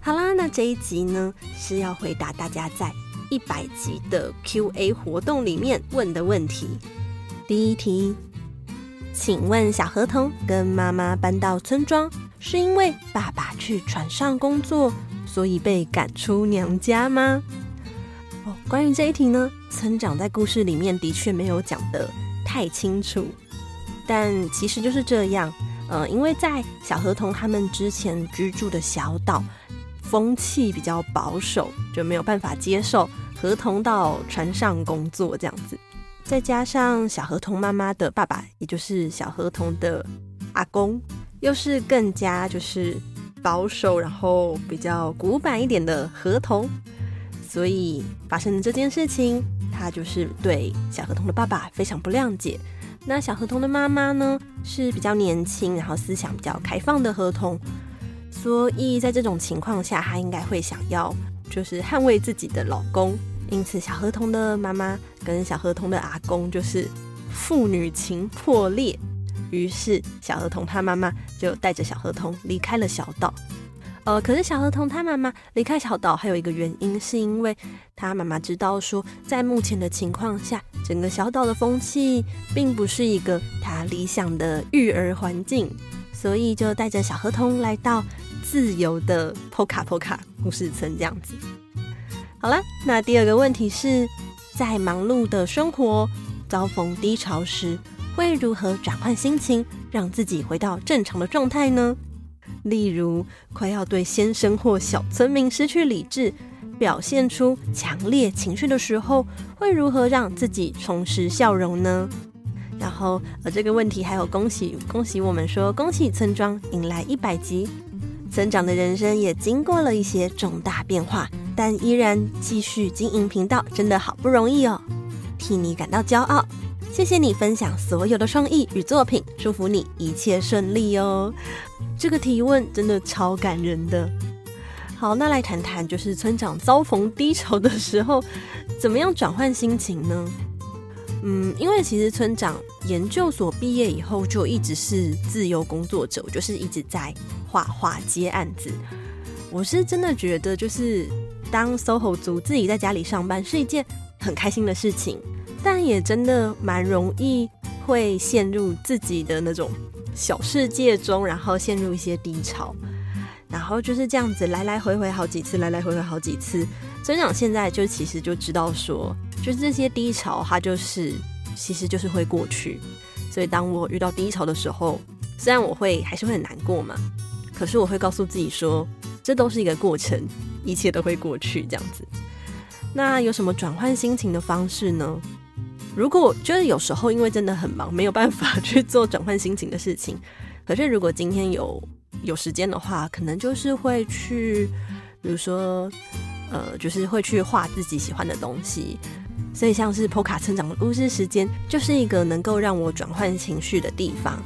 好啦，那這一集呢是要回答大家在一百集的 Q&A 活動裡面問的問題。第一題，請問小河童跟媽媽搬到村莊，是因為爸爸去船上工作，所以被趕出娘家嗎？哦，關於這一題呢，村長在故事裡面的確沒有講得太清楚。但其實就是這樣，嗯、呃，因為在小河童他們之前居住的小島，風氣比較保守，就沒有辦法接受河童到船上工作這樣子。再加上小河童媽媽的爸爸，也就是小河童的阿公，又是更加就是保守，然後比較古板一點的河童，所以發生的這件事情，他就是對小河童的爸爸非常不諒解。那小河童的媽媽呢，是比較年輕，然後思想比較開放的河童，所以在這種情況下，她應該會想要就是捍衛自己的老公，因此小河童的媽媽跟小河童的阿公就是父女情破裂，於是小河童他媽媽就帶着小河童離開了小島。呃，可是小河童他媽媽離開小島還有一個原因，是因為他媽媽知道說，在目前的情況下，整個小島的風氣並不是一個他理想的育兒環境，所以就帶着小河童來到自由的 Poka Poka 故事村。這樣子。好啦，那第二個問題是，在忙碌的生活遭逢低潮時，會如何轉換心情，讓自己回到正常的狀態呢？例如，快要對先生或小村民失去理智，表現出強烈情緒的時候，會如何讓自己重拾笑容呢？然後，呃，這個問題還有恭喜恭喜我們說，恭喜村莊迎來一百集，村長的人生也經過了一些重大變化，但依然繼續經營頻道，真的好不容易哦，替你感到驕傲。謝謝你分享所有的創意與作品，祝福你一切順利哦。這個提問真的超感人的。好，那來談談，就是村長遭逢低潮的時候，怎麼樣轉換心情呢？嗯，因為其實村長研究所畢業以後就一直是自由工作者，就是一直在畫畫接案子。我是真的覺得，就是當 SOHO 族自己在家裡上班是一件很開心的事情。但也真的蠻容易會陷入自己的那種小世界中，然後陷入一些低潮，然後就是這樣子來來回回好幾次，來來回回好幾次。村長現在就其實就知道說，就是這些低潮它就是其實就是會過去。所以當我遇到低潮的時候，雖然我會還是會很難過嘛，可是我會告訴自己說，這都是一個過程，一切都會過去這樣子。那有什麼轉換心情的方式呢？如果就是有時候因為真的很忙，沒有辦法去做轉換心情的事情。可是如果今天有有時間的話，可能就是會去，比如說，呃，就是會去畫自己喜歡的東西。所以像是撲卡村長的巫師時間，就是一個能夠讓我轉換情緒的地方。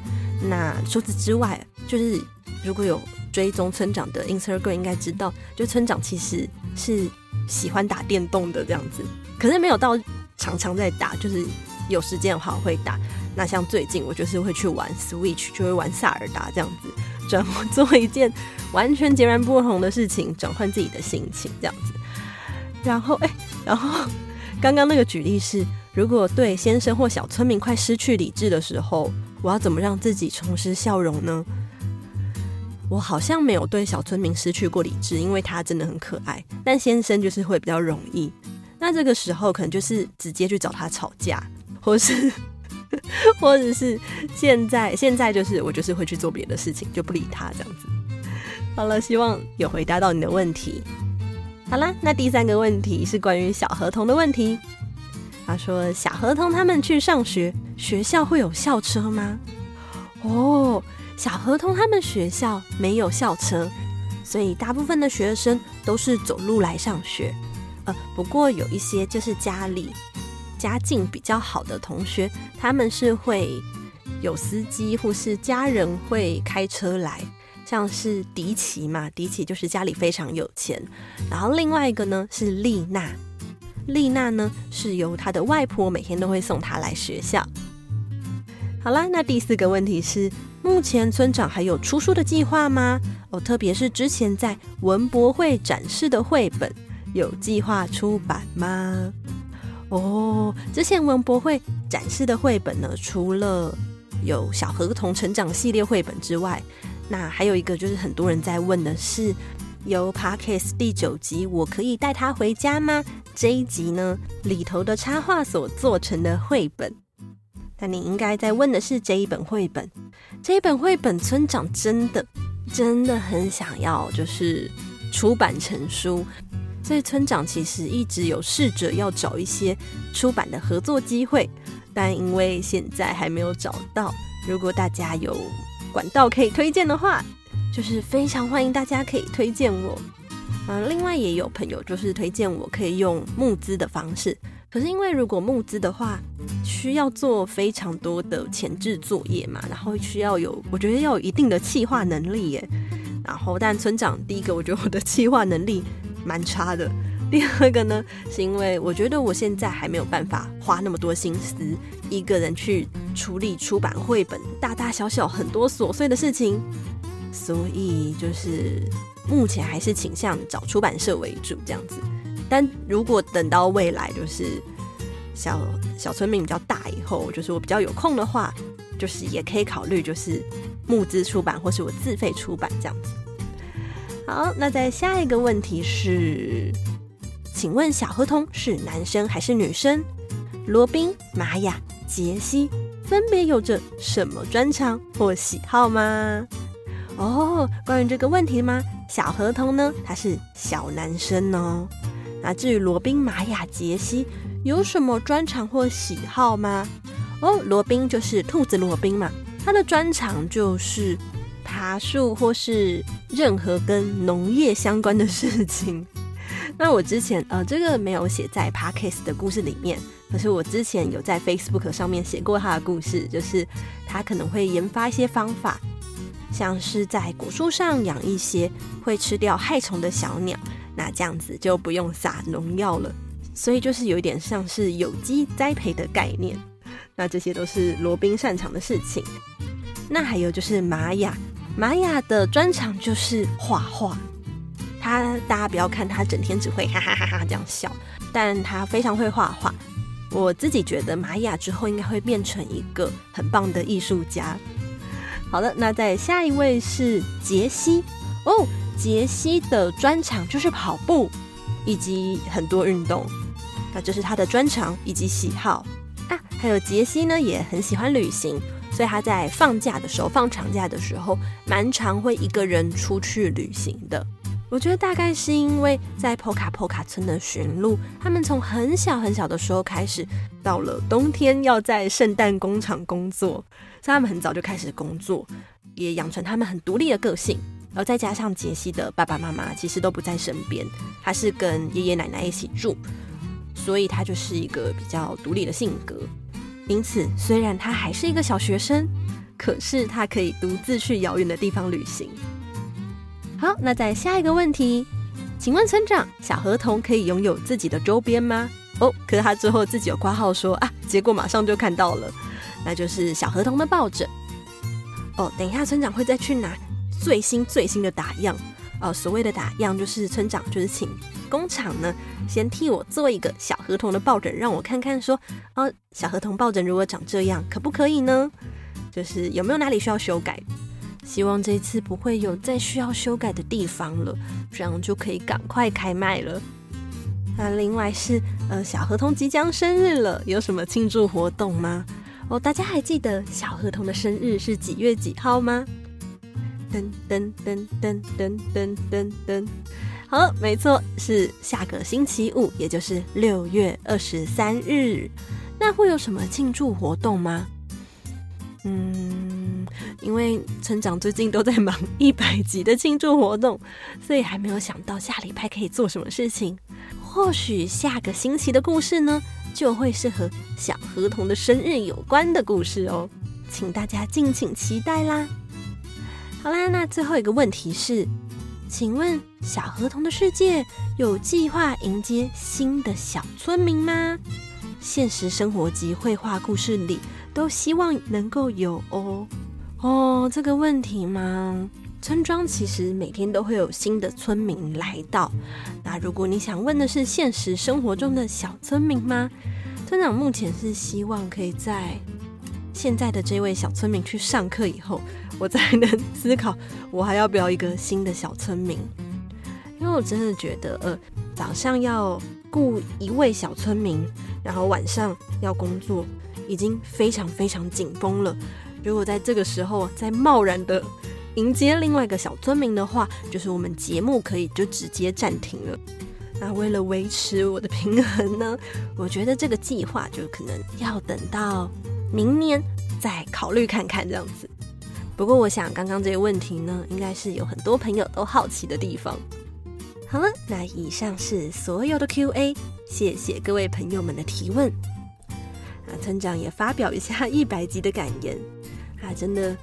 那除此之外，就是如果有追蹤村長的 Instagram，應該知道，就村長其實是喜歡打電動的這樣子。可是沒有到。常常在打，就是有時間的話會打。那像最近我就是會去玩 Switch，就會玩薩爾達這樣子，轉做一件完全截然不同的事情，轉換自己的心情這樣子。然後，哎，然後剛剛那個舉例是，如果對先生或小村民快失去理智的時候，我要怎麼讓自己重拾笑容呢？我好像沒有對小村民失去過理智，因為他真的很可愛。但先生就是會比較容易。那這個時候可能就是直接去找他吵架，或是，或者是現在現在就是我就是會去做別的事情，就不理他這樣子。好了，希望有回答到你的問題。好啦，那第三個問題是關於小合同的問題。他說：“小合同他們去上學，學校會有校車嗎？”哦，小合同他們學校沒有校車，所以大部分的學生都是走路來上學。呃、不過有一些就是家裡家境，比較好的同學，他們是會有司機或是家人會開車來，像是迪奇嘛，迪奇就是家裡非常有錢，然後另外一個呢是麗娜，麗娜呢是由她的外婆每天都會送她來學校。好啦，那第四個問題是，目前村長還有出書的計劃嗎？哦，特別是之前在文博會展示的繪本。有計劃出版嗎？哦、oh,，之前文博會展示的繪本呢？除了有小學童成長系列繪本之外，那還有一個就是很多人在問的是由 p a r k s 第九集，我可以帶他回家嗎？這一集呢，裡頭的插畫所做成的繪本，但你應該在問的是這一本繪本。這一本繪本村長真的真的很想要，就是出版成書。所以村長其實一直有試着要找一些出版的合作機會，但因為現在還沒有找到。如果大家有管道可以推薦的話，就是非常歡迎大家可以推薦我。啊，另外也有朋友就是推薦我可以用募資的方式，可是因為如果募資的話，需要做非常多的前置作業嘛，然後需要有，我覺得要有一定的企劃能力耶。然後，但村長第一個，我覺得我的企劃能力。蠻差的。第二個呢，是因為我覺得我現在還沒有辦法花那麼多心思一個人去處理出版繪本大大小小很多瑣碎的事情，所以就是目前還是傾向找出版社為主這樣子。但如果等到未來就是小小村民比較大以後，就是我比較有空的話，就是也可以考慮就是募資出版或是我自費出版這樣子。好，那在下一個問題是，請問小河童是男生還是女生？羅賓、瑪雅、杰西分別有着什麼專長或喜好嗎？哦，關於這個問題嗎？小河童呢，他是小男生哦。那至於羅賓、瑪雅、杰西有什麼專長或喜好嗎？哦，羅賓就是兔子羅賓嘛，他的專長就是。爬樹或是任何跟農業相關的事情。那我之前呃，這個沒有寫在 podcast 的故事裡面，可是我之前有在 Facebook 上面寫過他的故事，就是他可能會研發一些方法，像是在果樹上養一些會吃掉害蟲的小鳥，那這樣子就不用撒農藥了。所以就是有點像是有機栽培的概念。那這些都是羅賓擅長的事情。那還有就是瑪雅。瑪雅的專長就是畫畫，他大家不要看他整天只會哈哈哈哈這樣笑，但他非常會畫畫。我自己覺得瑪雅之後應該會變成一個很棒的藝術家。好的，那在下一位是傑西哦，傑西的專長就是跑步以及很多運動，那這是他的專長以及喜好啊，還有傑西呢也很喜歡旅行。所以他在放假的時候，放長假的時候，蠻常會一個人出去旅行的。我覺得大概是因為在 Poka Poka 村的馴鹿，他們從很小很小的時候開始，到了冬天要在聖誕工廠工作，所以他們很早就開始工作，也養成他們很獨立的個性。然後再加上傑西的爸爸媽媽其實都不在身邊，他是跟爺爺奶奶一起住，所以他就是一個比較獨立的性格。因此，雖然他還是一個小學生，可是他可以獨自去遙遠的地方旅行。好，那在下一個問題，請問村長，小河童可以擁有自己的周邊嗎？哦，可是他最後自己有掛號說啊，結果馬上就看到了，那就是小河童的抱枕。哦，等一下，村長會再去拿最新最新的打樣。呃、哦，所謂的打樣就是村長，就是請工廠呢先替我做一個小河童的抱枕，讓我看看說，呃、哦，小河童抱枕如果長這樣，可不可以呢？就是有沒有哪裡需要修改？希望這次不會有再需要修改的地方了，這樣就可以趕快開賣了。那、啊、另外是，呃，小河童即將生日了，有什麼慶祝活動嗎？哦，大家還記得小河童的生日是幾月幾號嗎？噔噔噔噔噔噔噔噔。好，沒錯，是下個星期五，也就是六月二十三日。那會有什麼慶祝活動嗎？嗯，因為村長最近都在忙一百集的慶祝活動，所以還沒有想到下禮拜可以做什麼事情。或許下個星期的故事呢，就會是和小河童的生日有關的故事哦，請大家敬請期待啦。好啦，那最後一個問題是，請問小河童的世界有計劃迎接新的小村民嗎？現實生活及繪畫故事裡都希望能夠有哦。哦，這個問題嘛，村莊其實每天都會有新的村民來到。那如果你想問的是現實生活中的小村民嗎？村長目前是希望可以在。現在的這位小村民去上課以後，我才能思考我還要不要一個新的小村民。因為我真的覺得，呃，早上要雇一位小村民，然後晚上要工作，已經非常非常緊繃了。如果在這個時候再貿然的迎接另外一個小村民的話，就是我們節目可以就直接暫停了。那為了維持我的平衡呢，我覺得這個計劃就可能要等到。明年再考慮看看這樣子。不過，我想剛剛這個問題呢，應該是有很多朋友都好奇的地方。好了，那以上是所有的 Q&A，謝謝各位朋友們的提問。啊，村長也發表一下一百集的感言。啊，真的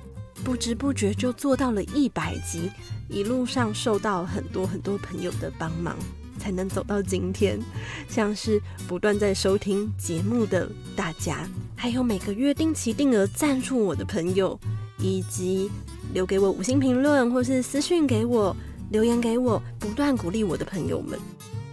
不知不覺就做到了一百集，一路上受到很多很多朋友的幫忙，才能走到今天。像是不斷在收聽節目的大家。還有每個月定期定額贊助我的朋友，以及留給我五星評論或是私訊給我、留言給我，不斷鼓勵我的朋友們。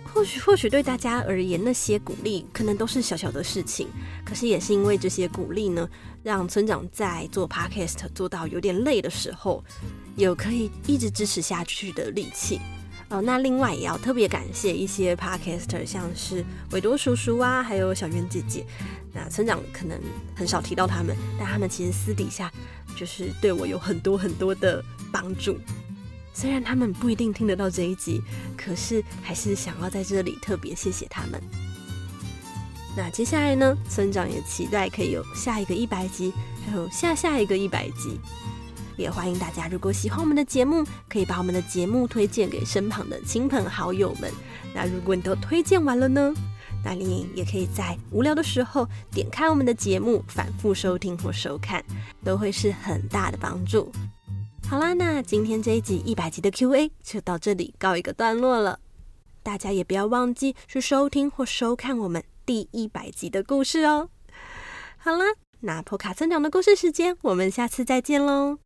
或許、或許對大家而言，那些鼓勵可能都是小小的事情，可是也是因為這些鼓勵呢，讓村長在做 podcast 做到有點累的時候，有可以一直支持下去的力氣。好，哦，那另外也要特別感謝一些 podcaster，像是韋多叔叔啊，還有小圓姐姐。那村長可能很少提到他們，但他們其實私底下就是對我有很多很多的幫助。雖然他們不一定聽得到這一集，可是還是想要在這裡特別謝謝他們。那接下來呢，村長也期待可以有下一個一百集，還有下下一個一百集。也歡迎大家，如果喜歡我們的節目，可以把我們的節目推薦給身旁的親朋好友們。那如果你都推薦完了呢？那你也可以在無聊的時候點開我們的節目，反覆收聽或收看，都會是很大的幫助。好啦，那今天這一集一百集的 Q&A 就到這裡告一個段落了。大家也不要忘記去收聽或收看我們第一百集的故事哦。好了，那破卡村長的故事時間，我們下次再見嘍。